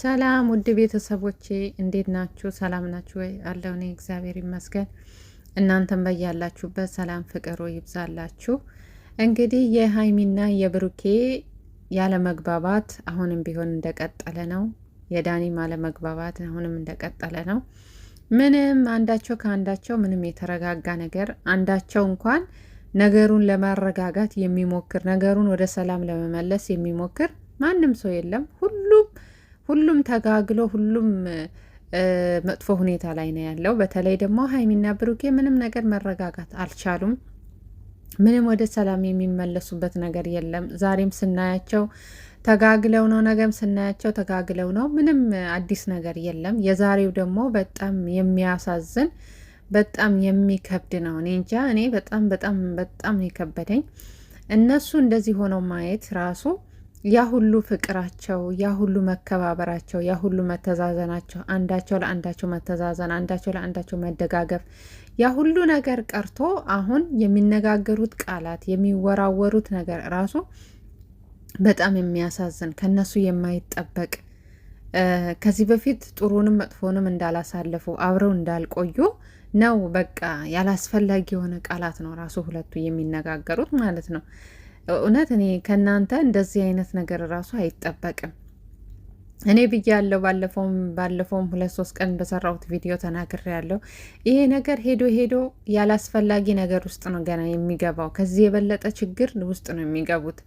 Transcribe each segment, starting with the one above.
ሰላም ውድ ቤተሰቦቼ እንዴት ናችሁ? ሰላም ናችሁ ወይ? አለው እኔ እግዚአብሔር ይመስገን። እናንተም በያላችሁበት ሰላም ፍቅሩ ይብዛላችሁ። እንግዲህ የሀይሚና የብሩኬ ያለመግባባት አሁንም ቢሆን እንደቀጠለ ነው። የዳኒም አለመግባባት አሁንም እንደቀጠለ ነው። ምንም አንዳቸው ከአንዳቸው ምንም የተረጋጋ ነገር አንዳቸው እንኳን ነገሩን ለማረጋጋት የሚሞክር ነገሩን ወደ ሰላም ለመመለስ የሚሞክር ማንም ሰው የለም። ሁሉም ሁሉም ተጋግሎ ሁሉም መጥፎ ሁኔታ ላይ ነው ያለው። በተለይ ደግሞ ሀይሚና ብሩኬ ምንም ነገር መረጋጋት አልቻሉም። ምንም ወደ ሰላም የሚመለሱበት ነገር የለም። ዛሬም ስናያቸው ተጋግለው ነው፣ ነገም ስናያቸው ተጋግለው ነው። ምንም አዲስ ነገር የለም። የዛሬው ደግሞ በጣም የሚያሳዝን በጣም የሚከብድ ነው። እኔ እንጃ እኔ በጣም በጣም በጣም የከበደኝ እነሱ እንደዚህ ሆነው ማየት ራሱ ያ ሁሉ ፍቅራቸው ያ ሁሉ መከባበራቸው ያ ሁሉ መተዛዘናቸው አንዳቸው ለአንዳቸው መተዛዘን አንዳቸው ለአንዳቸው መደጋገፍ ያ ሁሉ ነገር ቀርቶ አሁን የሚነጋገሩት ቃላት የሚወራወሩት ነገር ራሱ በጣም የሚያሳዝን ከነሱ የማይጠበቅ ከዚህ በፊት ጥሩንም መጥፎንም እንዳላሳለፉ አብረው እንዳልቆዩ ነው። በቃ ያላስፈላጊ የሆነ ቃላት ነው ራሱ ሁለቱ የሚነጋገሩት ማለት ነው። እውነት እኔ ከእናንተ እንደዚህ አይነት ነገር እራሱ አይጠበቅም። እኔ ብዬ ያለው ባለፈውም ባለፈውም ሁለት ሶስት ቀን በሰራሁት ቪዲዮ ተናግሬ ያለው ይሄ ነገር ሄዶ ሄዶ ያላስፈላጊ ነገር ውስጥ ነው ገና የሚገባው። ከዚህ የበለጠ ችግር ውስጥ ነው የሚገቡት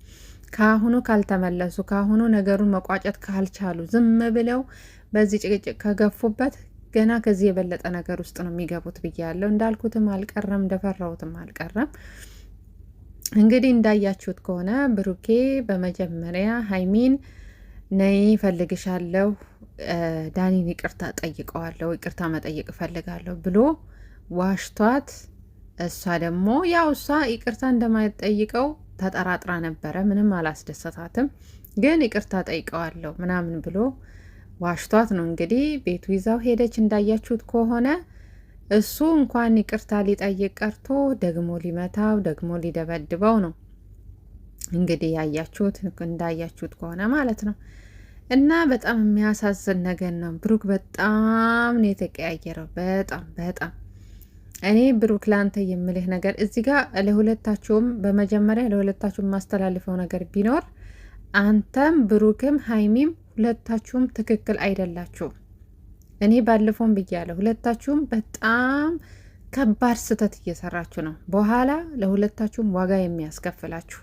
ከአሁኑ ካልተመለሱ፣ ከአሁኑ ነገሩን መቋጨት ካልቻሉ፣ ዝም ብለው በዚህ ጭቅጭቅ ከገፉበት ገና ከዚህ የበለጠ ነገር ውስጥ ነው የሚገቡት ብዬ ያለው። እንዳልኩትም አልቀረም እንደፈራሁትም አልቀረም። እንግዲህ እንዳያችሁት ከሆነ ብሩኬ በመጀመሪያ ሀይሚን ነይ ፈልግሻለሁ፣ ዳኒን ይቅርታ ጠይቀዋለሁ፣ ይቅርታ መጠየቅ እፈልጋለሁ ብሎ ዋሽቷት፣ እሷ ደግሞ ያው እሷ ይቅርታ እንደማይጠይቀው ተጠራጥራ ነበረ። ምንም አላስደሰታትም፣ ግን ይቅርታ ጠይቀዋለሁ ምናምን ብሎ ዋሽቷት ነው እንግዲህ ቤቱ ይዛው ሄደች እንዳያችሁት ከሆነ እሱ እንኳን ይቅርታ ሊጠይቅ ቀርቶ ደግሞ ሊመታው ደግሞ ሊደበድበው ነው። እንግዲህ ያያችሁት እንዳያችሁት ከሆነ ማለት ነው። እና በጣም የሚያሳዝን ነገር ነው። ብሩክ በጣም ነው የተቀያየረው። በጣም በጣም እኔ ብሩክ ለአንተ የምልህ ነገር እዚህ ጋር ለሁለታችሁም በመጀመሪያ ለሁለታችሁም ማስተላልፈው ነገር ቢኖር አንተም ብሩክም ሀይሚም ሁለታችሁም ትክክል አይደላችሁም። እኔ ባለፈውን ብያለሁ፣ ሁለታችሁም በጣም ከባድ ስህተት እየሰራችሁ ነው። በኋላ ለሁለታችሁም ዋጋ የሚያስከፍላችሁ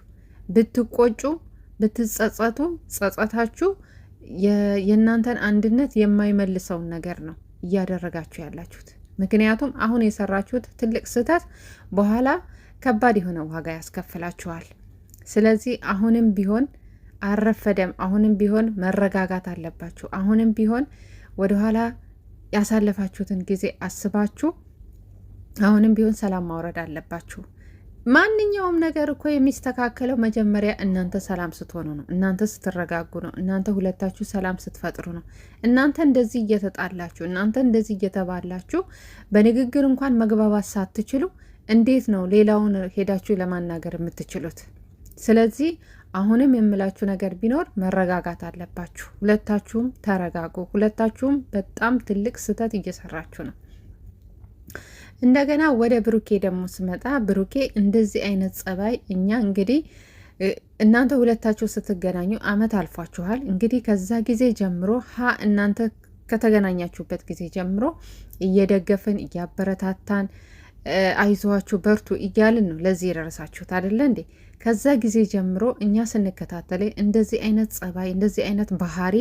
ብትቆጩ፣ ብትጸጸቱ፣ ጸጸታችሁ የእናንተን አንድነት የማይመልሰውን ነገር ነው እያደረጋችሁ ያላችሁት። ምክንያቱም አሁን የሰራችሁት ትልቅ ስህተት በኋላ ከባድ የሆነ ዋጋ ያስከፍላችኋል። ስለዚህ አሁንም ቢሆን አረፈደም፣ አሁንም ቢሆን መረጋጋት አለባችሁ። አሁንም ቢሆን ወደኋላ ያሳለፋችሁትን ጊዜ አስባችሁ አሁንም ቢሆን ሰላም ማውረድ አለባችሁ። ማንኛውም ነገር እኮ የሚስተካከለው መጀመሪያ እናንተ ሰላም ስትሆኑ ነው። እናንተ ስትረጋጉ ነው። እናንተ ሁለታችሁ ሰላም ስትፈጥሩ ነው። እናንተ እንደዚህ እየተጣላችሁ፣ እናንተ እንደዚህ እየተባላችሁ በንግግር እንኳን መግባባት ሳትችሉ እንዴት ነው ሌላውን ሄዳችሁ ለማናገር የምትችሉት? ስለዚህ አሁንም የምላችሁ ነገር ቢኖር መረጋጋት አለባችሁ። ሁለታችሁም ተረጋጉ። ሁለታችሁም በጣም ትልቅ ስህተት እየሰራችሁ ነው። እንደገና ወደ ብሩኬ ደግሞ ስመጣ ብሩኬ እንደዚህ አይነት ጸባይ እኛ እንግዲህ እናንተ ሁለታችሁ ስትገናኙ አመት አልፏችኋል። እንግዲህ ከዛ ጊዜ ጀምሮ ሀ እናንተ ከተገናኛችሁበት ጊዜ ጀምሮ እየደገፍን እያበረታታን አይዟችሁ በርቱ እያልን ነው ለዚህ የደረሳችሁት አደለ እንዴ? ከዛ ጊዜ ጀምሮ እኛ ስንከታተለ እንደዚህ አይነት ጸባይ፣ እንደዚህ አይነት ባህሪ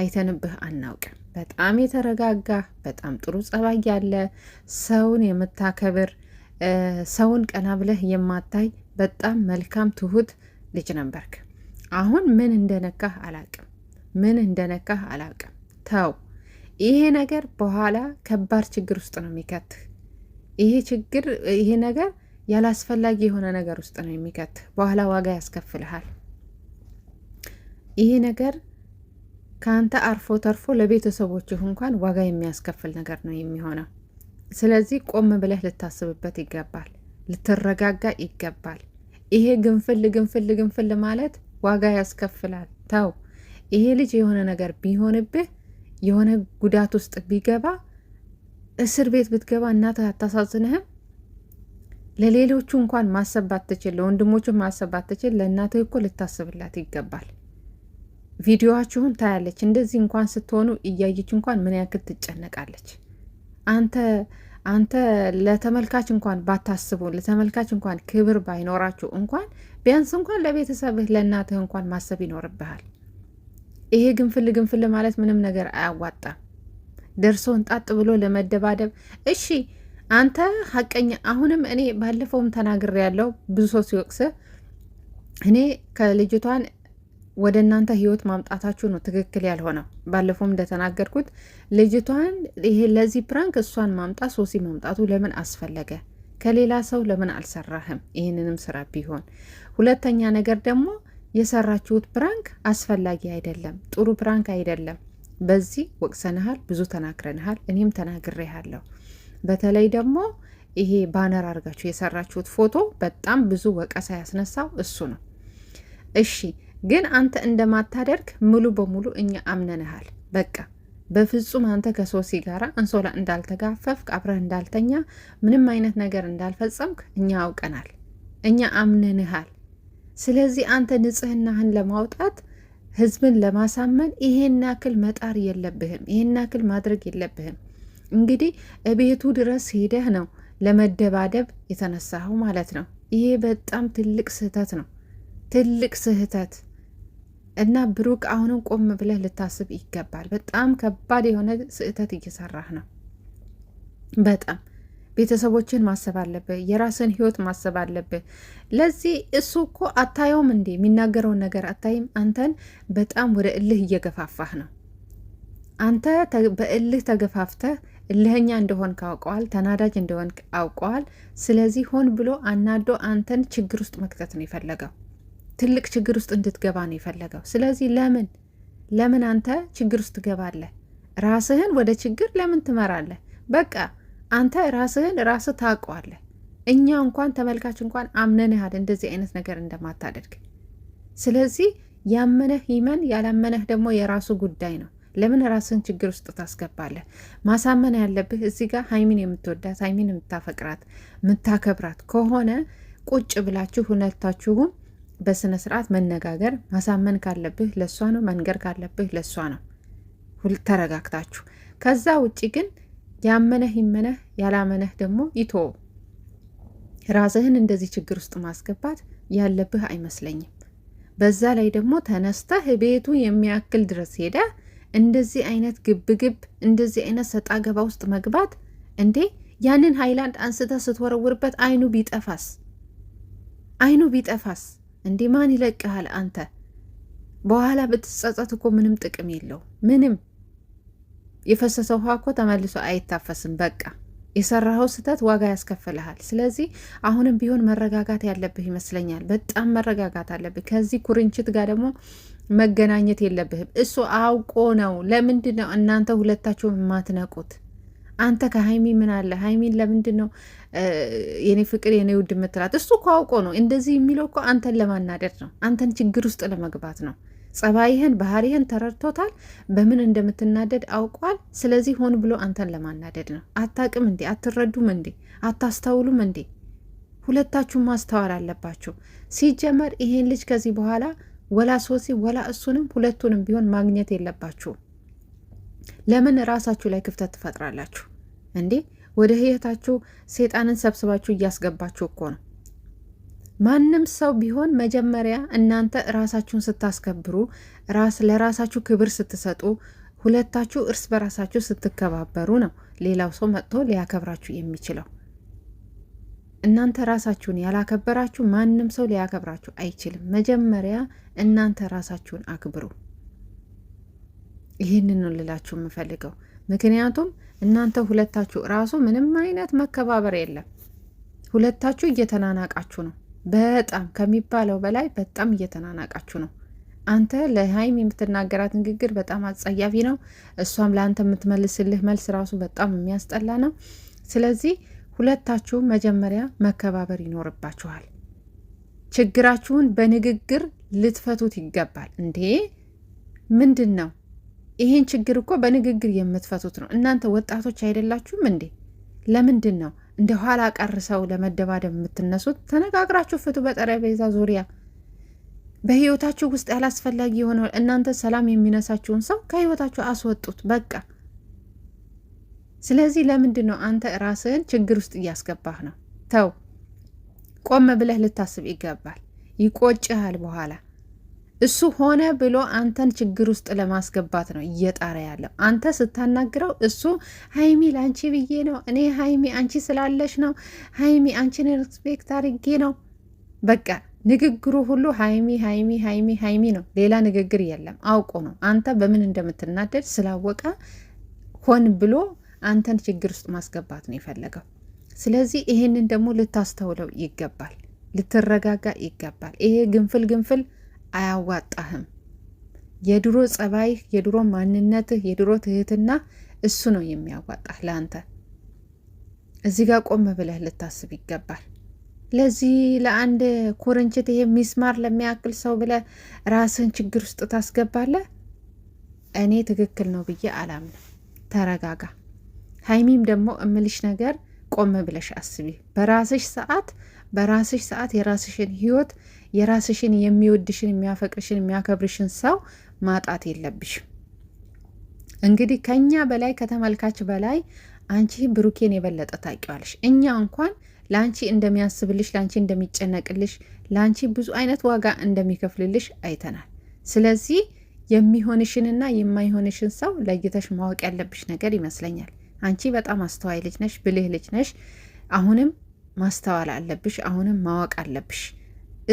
አይተንብህ አናውቅም። በጣም የተረጋጋ በጣም ጥሩ ጸባይ ያለ ሰውን የምታከብር ሰውን ቀና ብለህ የማታይ በጣም መልካም ትሁት ልጅ ነበርክ። አሁን ምን እንደነካህ አላቅም፣ ምን እንደነካህ አላቅም። ተው፣ ይሄ ነገር በኋላ ከባድ ችግር ውስጥ ነው የሚከትህ ይሄ ችግር ይሄ ነገር ያላስፈላጊ የሆነ ነገር ውስጥ ነው የሚከት በኋላ ዋጋ ያስከፍልሃል። ይሄ ነገር ከአንተ አርፎ ተርፎ ለቤተሰቦችህ እንኳን ዋጋ የሚያስከፍል ነገር ነው የሚሆነው። ስለዚህ ቆም ብለህ ልታስብበት ይገባል፣ ልትረጋጋ ይገባል። ይሄ ግንፍል ግንፍል ግንፍል ማለት ዋጋ ያስከፍላል። ተው። ይሄ ልጅ የሆነ ነገር ቢሆንብህ የሆነ ጉዳት ውስጥ ቢገባ እስር ቤት ብትገባ እናትህ አታሳዝንህም? ለሌሎቹ እንኳን ማሰብ ባትችል፣ ለወንድሞቹ ማሰብ ባትችል፣ ለእናትህ እኮ ልታስብላት ይገባል። ቪዲዮችሁን ታያለች። እንደዚህ እንኳን ስትሆኑ እያየች እንኳን ምን ያክል ትጨነቃለች። አንተ አንተ ለተመልካች እንኳን ባታስቡ፣ ለተመልካች እንኳን ክብር ባይኖራችሁ እንኳን ቢያንስ እንኳን ለቤተሰብህ ለእናትህ እንኳን ማሰብ ይኖርብሃል። ይሄ ግንፍል ግንፍል ማለት ምንም ነገር አያዋጣም። ደርሶ እንጣጥ ብሎ ለመደባደብ እሺ አንተ ሀቀኛ አሁንም እኔ ባለፈውም ተናግር ያለው ብዙ ሰው ሲወቅስ እኔ ከልጅቷን ወደ እናንተ ህይወት ማምጣታችሁ ነው ትክክል ያልሆነው። ባለፈውም እንደተናገርኩት ልጅቷን ይሄ ለዚህ ፕራንክ እሷን ማምጣት ሶሲ ማምጣቱ ለምን አስፈለገ? ከሌላ ሰው ለምን አልሰራህም? ይህንንም ስራ ቢሆን ሁለተኛ ነገር ደግሞ የሰራችሁት ፕራንክ አስፈላጊ አይደለም፣ ጥሩ ፕራንክ አይደለም። በዚህ ወቅሰንሃል፣ ብዙ ተናግረንሃል፣ እኔም ተናግሬሃለሁ። በተለይ ደግሞ ይሄ ባነር አድርጋችሁ የሰራችሁት ፎቶ በጣም ብዙ ወቀሳ ያስነሳው እሱ ነው። እሺ ግን አንተ እንደማታደርግ ሙሉ በሙሉ እኛ አምነንሃል። በቃ በፍጹም አንተ ከሶሲ ጋራ አንሶላ እንዳልተጋፈፍክ አብረህ እንዳልተኛ ምንም አይነት ነገር እንዳልፈጸምክ እኛ አውቀናል። እኛ አምነንሃል። ስለዚህ አንተ ንጽህናህን ለማውጣት ህዝብን ለማሳመን ይሄን ያክል መጣር የለብህም፣ ይሄን ያክል ማድረግ የለብህም። እንግዲህ እቤቱ ድረስ ሄደህ ነው ለመደባደብ የተነሳኸው ማለት ነው። ይሄ በጣም ትልቅ ስህተት ነው፣ ትልቅ ስህተት እና ብሩክ አሁንም ቆም ብለህ ልታስብ ይገባል። በጣም ከባድ የሆነ ስህተት እየሰራህ ነው በጣም ቤተሰቦችን ማሰብ አለብህ። የራስን ህይወት ማሰብ አለብህ። ለዚህ እሱ እኮ አታየውም እንዴ? የሚናገረውን ነገር አታይም? አንተን በጣም ወደ እልህ እየገፋፋህ ነው። አንተ በእልህ ተገፋፍተህ እልህኛ እንደሆን ካውቀዋል፣ ተናዳጅ እንደሆን አውቀዋል። ስለዚህ ሆን ብሎ አናዶ አንተን ችግር ውስጥ መክተት ነው የፈለገው። ትልቅ ችግር ውስጥ እንድትገባ ነው የፈለገው። ስለዚህ ለምን ለምን አንተ ችግር ውስጥ ትገባለህ? ራስህን ወደ ችግር ለምን ትመራለህ? በቃ አንተ ራስህን ራስህ ታውቀዋለህ። እኛ እንኳን ተመልካች እንኳን አምነንሃል እንደዚህ አይነት ነገር እንደማታደርግ። ስለዚህ ያመነህ ይመን፣ ያላመነህ ደግሞ የራሱ ጉዳይ ነው። ለምን ራስህን ችግር ውስጥ ታስገባለህ? ማሳመን ያለብህ እዚህ ጋር ሀይሚን የምትወዳት ሀይሚን የምታፈቅራት የምታከብራት ከሆነ ቁጭ ብላችሁ ሁለታችሁም በስነ ስርዓት መነጋገር። ማሳመን ካለብህ ለእሷ ነው፣ መንገር ካለብህ ለእሷ ነው። ተረጋግታችሁ ከዛ ውጭ ግን ያመነህ ይመነህ፣ ያላመነህ ደግሞ ይቶ ራስህን እንደዚህ ችግር ውስጥ ማስገባት ያለብህ አይመስለኝም። በዛ ላይ ደግሞ ተነስተህ ቤቱ የሚያክል ድረስ ሄደ እንደዚህ አይነት ግብግብ እንደዚህ አይነት ሰጣ ገባ ውስጥ መግባት እንዴ! ያንን ሃይላንድ አንስተህ ስትወረውርበት አይኑ ቢጠፋስ አይኑ ቢጠፋስ እንዴ! ማን ይለቅሃል አንተ? በኋላ ብትጸጸት እኮ ምንም ጥቅም የለው ምንም የፈሰሰ ውሃ እኮ ተመልሶ አይታፈስም። በቃ የሰራኸው ስህተት ዋጋ ያስከፍልሃል። ስለዚህ አሁንም ቢሆን መረጋጋት ያለብህ ይመስለኛል። በጣም መረጋጋት አለብህ። ከዚህ ኩርንችት ጋር ደግሞ መገናኘት የለብህም። እሱ አውቆ ነው። ለምንድን ነው እናንተ ሁለታችሁም የማትነቁት? አንተ ከሀይሚ ምን አለ? ሀይሚን ለምንድን ነው የኔ ፍቅር የኔ ውድ የምትላት? እሱ እኮ አውቆ ነው እንደዚህ የሚለው እኮ አንተን ለማናደድ ነው። አንተን ችግር ውስጥ ለመግባት ነው። ጸባይህን ባህሪህን ተረድቶታል። በምን እንደምትናደድ አውቋል። ስለዚህ ሆን ብሎ አንተን ለማናደድ ነው። አታቅም እንዴ? አትረዱም እንዴ? አታስተውሉም እንዴ? ሁለታችሁ ማስተዋል አለባችሁ። ሲጀመር ይሄን ልጅ ከዚህ በኋላ ወላ ሶሲ ወላ እሱንም ሁለቱንም ቢሆን ማግኘት የለባችሁም። ለምን ራሳችሁ ላይ ክፍተት ትፈጥራላችሁ እንዴ? ወደ ህይወታችሁ ሴጣንን ሰብስባችሁ እያስገባችሁ እኮ ነው። ማንም ሰው ቢሆን መጀመሪያ እናንተ ራሳችሁን ስታስከብሩ፣ ራስ ለራሳችሁ ክብር ስትሰጡ፣ ሁለታችሁ እርስ በራሳችሁ ስትከባበሩ ነው ሌላው ሰው መጥቶ ሊያከብራችሁ የሚችለው። እናንተ ራሳችሁን ያላከበራችሁ ማንም ሰው ሊያከብራችሁ አይችልም። መጀመሪያ እናንተ ራሳችሁን አክብሩ። ይህንን ነው ልላችሁ የምፈልገው። ምክንያቱም እናንተ ሁለታችሁ ራሱ ምንም አይነት መከባበር የለም። ሁለታችሁ እየተናናቃችሁ ነው። በጣም ከሚባለው በላይ በጣም እየተናናቃችሁ ነው። አንተ ለሀይሚ የምትናገራት ንግግር በጣም አጸያፊ ነው። እሷም ለአንተ የምትመልስልህ መልስ ራሱ በጣም የሚያስጠላ ነው። ስለዚህ ሁለታችሁ መጀመሪያ መከባበር ይኖርባችኋል። ችግራችሁን በንግግር ልትፈቱት ይገባል። እንዴ ምንድን ነው? ይሄን ችግር እኮ በንግግር የምትፈቱት ነው። እናንተ ወጣቶች አይደላችሁም እንዴ? ለምንድን ነው እንደ ኋላ ቀር ሰው ለመደባደብ የምትነሱት ተነጋግራችሁ ፍቱ። በጠረጴዛ ዙሪያ በህይወታችሁ ውስጥ ያላስፈላጊ የሆነ እናንተ ሰላም የሚነሳችሁን ሰው ከህይወታችሁ አስወጡት በቃ። ስለዚህ ለምንድን ነው አንተ ራስህን ችግር ውስጥ እያስገባህ ነው? ተው፣ ቆም ብለህ ልታስብ ይገባል። ይቆጭሃል በኋላ እሱ ሆነ ብሎ አንተን ችግር ውስጥ ለማስገባት ነው እየጣረ ያለው። አንተ ስታናግረው እሱ ሀይሚ ለአንቺ ብዬ ነው እኔ ሀይሚ አንቺ ስላለሽ ነው ሀይሚ አንቺን ሪስፔክት አድርጌ ነው። በቃ ንግግሩ ሁሉ ሀይሚ ሀይሚ ሀይሚ ሀይሚ ነው። ሌላ ንግግር የለም። አውቆ ነው አንተ በምን እንደምትናደድ ስላወቀ ሆን ብሎ አንተን ችግር ውስጥ ማስገባት ነው የፈለገው። ስለዚህ ይሄንን ደግሞ ልታስተውለው ይገባል፣ ልትረጋጋ ይገባል። ይሄ ግንፍል ግንፍል አያዋጣህም። የድሮ ጸባይህ፣ የድሮ ማንነትህ፣ የድሮ ትህትና እሱ ነው የሚያዋጣህ ለአንተ። እዚህ ጋር ቆም ብለህ ልታስብ ይገባል። ለዚህ ለአንድ ኩርንችት ይሄ ሚስማር ለሚያክል ሰው ብለህ ራስህን ችግር ውስጥ ታስገባለህ። እኔ ትክክል ነው ብዬ አላምንም። ተረጋጋ። ሀይሚም ደግሞ እምልሽ ነገር ቆም ብለሽ አስቢ። በራስሽ ሰዓት በራስሽ ሰዓት የራስሽን ህይወት የራስሽን የሚወድሽን የሚያፈቅርሽን የሚያከብርሽን ሰው ማጣት የለብሽም። እንግዲህ ከኛ በላይ ከተመልካች በላይ አንቺ ብሩኬን የበለጠ ታውቂዋለሽ። እኛ እንኳን ለአንቺ እንደሚያስብልሽ፣ ለአንቺ እንደሚጨነቅልሽ፣ ለአንቺ ብዙ አይነት ዋጋ እንደሚከፍልልሽ አይተናል። ስለዚህ የሚሆንሽንና የማይሆንሽን ሰው ለይተሽ ማወቅ ያለብሽ ነገር ይመስለኛል። አንቺ በጣም አስተዋይ ልጅ ነሽ፣ ብልህ ልጅ ነሽ። አሁንም ማስተዋል አለብሽ። አሁንም ማወቅ አለብሽ።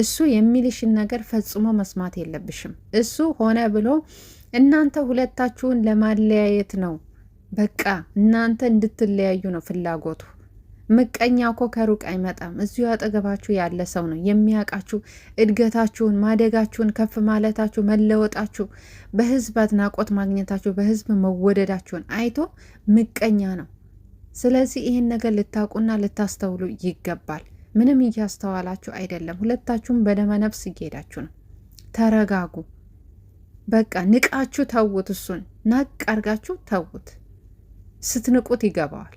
እሱ የሚልሽን ነገር ፈጽሞ መስማት የለብሽም። እሱ ሆነ ብሎ እናንተ ሁለታችሁን ለማለያየት ነው። በቃ እናንተ እንድትለያዩ ነው ፍላጎቱ። ምቀኛ እኮ ከሩቅ አይመጣም። እዚሁ አጠገባችሁ ያለ ሰው ነው የሚያውቃችሁ፣ እድገታችሁን፣ ማደጋችሁን፣ ከፍ ማለታችሁ፣ መለወጣችሁ፣ በህዝብ አድናቆት ማግኘታችሁ፣ በህዝብ መወደዳችሁን አይቶ ምቀኛ ነው። ስለዚህ ይህን ነገር ልታውቁና ልታስተውሉ ይገባል። ምንም እያስተዋላችሁ አይደለም። ሁለታችሁም በደመ ነፍስ እየሄዳችሁ ነው። ተረጋጉ። በቃ ንቃችሁ ተዉት። እሱን ናቅ አርጋችሁ ተዉት። ስትንቁት ይገባዋል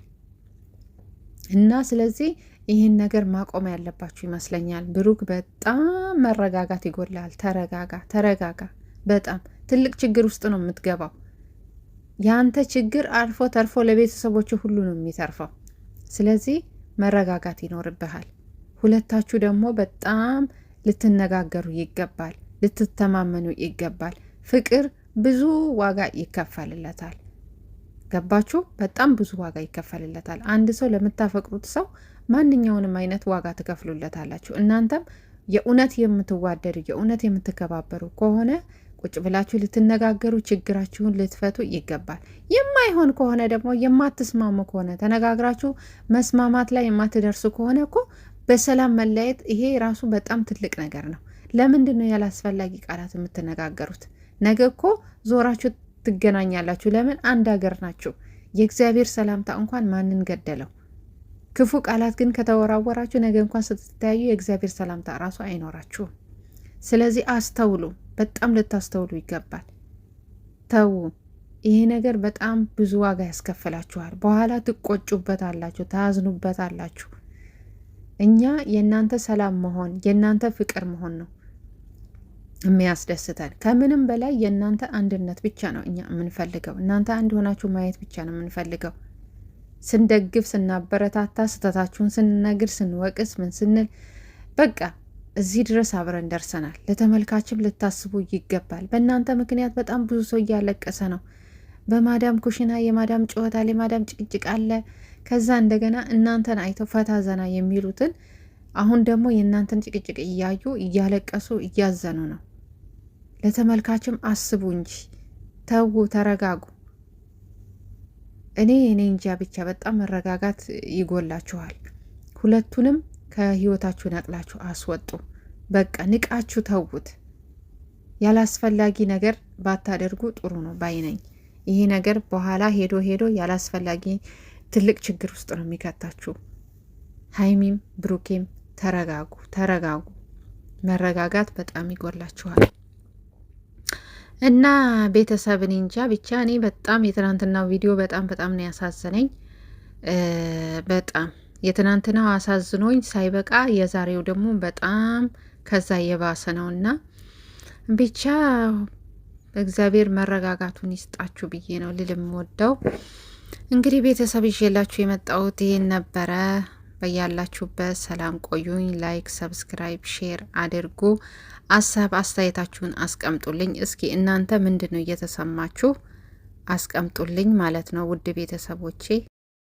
እና ስለዚህ ይህን ነገር ማቆም ያለባችሁ ይመስለኛል። ብሩክ በጣም መረጋጋት ይጎላል። ተረጋጋ፣ ተረጋጋ። በጣም ትልቅ ችግር ውስጥ ነው የምትገባው። የአንተ ችግር አልፎ ተርፎ ለቤተሰቦች ሁሉ ነው የሚተርፈው። ስለዚህ መረጋጋት ይኖርብሃል። ሁለታችሁ ደግሞ በጣም ልትነጋገሩ ይገባል፣ ልትተማመኑ ይገባል። ፍቅር ብዙ ዋጋ ይከፈልለታል። ገባችሁ? በጣም ብዙ ዋጋ ይከፈልለታል። አንድ ሰው ለምታፈቅሩት ሰው ማንኛውንም አይነት ዋጋ ትከፍሉለታላችሁ። እናንተም የእውነት የምትዋደዱ የእውነት የምትከባበሩ ከሆነ ቁጭ ብላችሁ ልትነጋገሩ ችግራችሁን ልትፈቱ ይገባል። የማይሆን ከሆነ ደግሞ የማትስማሙ ከሆነ ተነጋግራችሁ መስማማት ላይ የማትደርሱ ከሆነ እኮ በሰላም መለያየት ይሄ ራሱ በጣም ትልቅ ነገር ነው። ለምንድን ነው ያላስፈላጊ ቃላት የምትነጋገሩት? ነገ እኮ ዞራችሁ ትገናኛላችሁ። ለምን አንድ ሀገር ናችሁ። የእግዚአብሔር ሰላምታ እንኳን ማንን ገደለው? ክፉ ቃላት ግን ከተወራወራችሁ ነገ እንኳን ስትተያዩ የእግዚአብሔር ሰላምታ ራሱ አይኖራችሁም። ስለዚህ አስተውሉ፣ በጣም ልታስተውሉ ይገባል። ተዉ። ይሄ ነገር በጣም ብዙ ዋጋ ያስከፍላችኋል። በኋላ ትቆጩበት አላችሁ፣ ታዝኑበት አላችሁ። እኛ የእናንተ ሰላም መሆን የእናንተ ፍቅር መሆን ነው የሚያስደስተን። ከምንም በላይ የእናንተ አንድነት ብቻ ነው እኛ የምንፈልገው። እናንተ አንድ ሆናችሁ ማየት ብቻ ነው የምንፈልገው። ስንደግፍ፣ ስናበረታታ፣ ስህተታችሁን ስንነግር፣ ስንወቅስ፣ ምን ስንል በቃ እዚህ ድረስ አብረን ደርሰናል። ለተመልካችም ልታስቡ ይገባል። በእናንተ ምክንያት በጣም ብዙ ሰው እያለቀሰ ነው። በማዳም ኩሽና የማዳም ጨዋታ አለ፣ የማዳም ጭቅጭቅ አለ፣ ከዛ እንደገና እናንተን አይተው ፈታ ዘና የሚሉትን አሁን ደግሞ የእናንተን ጭቅጭቅ እያዩ እያለቀሱ እያዘኑ ነው። ለተመልካችም አስቡ እንጂ ተዉ፣ ተረጋጉ። እኔ እኔ እንጃ ብቻ በጣም መረጋጋት ይጎላችኋል። ሁለቱንም ከህይወታችሁ ነቅላችሁ አስወጡ። በቃ ንቃችሁ ተዉት። ያላስፈላጊ ነገር ባታደርጉ ጥሩ ነው ባይነኝ። ይሄ ነገር በኋላ ሄዶ ሄዶ ያላስፈላጊ ትልቅ ችግር ውስጥ ነው የሚከታችሁ። ሀይሚም ብሩኬም ተረጋጉ፣ ተረጋጉ። መረጋጋት በጣም ይጎላችኋል። እና ቤተሰብን እንጃ ብቻ እኔ በጣም የትናንትናው ቪዲዮ በጣም በጣም ነው ያሳዘነኝ። በጣም የትናንትናው አሳዝኖኝ ሳይበቃ የዛሬው ደግሞ በጣም ከዛ የባሰ ነው እና ብቻ እግዚአብሔር መረጋጋቱን ይስጣችሁ ብዬ ነው ልልም ወደው እንግዲህ ቤተሰብ ይዤላችሁ የመጣሁት ይህን ነበረ። በያላችሁበት ሰላም ቆዩኝ። ላይክ፣ ሰብስክራይብ፣ ሼር አድርጉ። አሳብ አስተያየታችሁን አስቀምጡልኝ። እስኪ እናንተ ምንድን ነው እየተሰማችሁ አስቀምጡልኝ ማለት ነው ውድ ቤተሰቦቼ።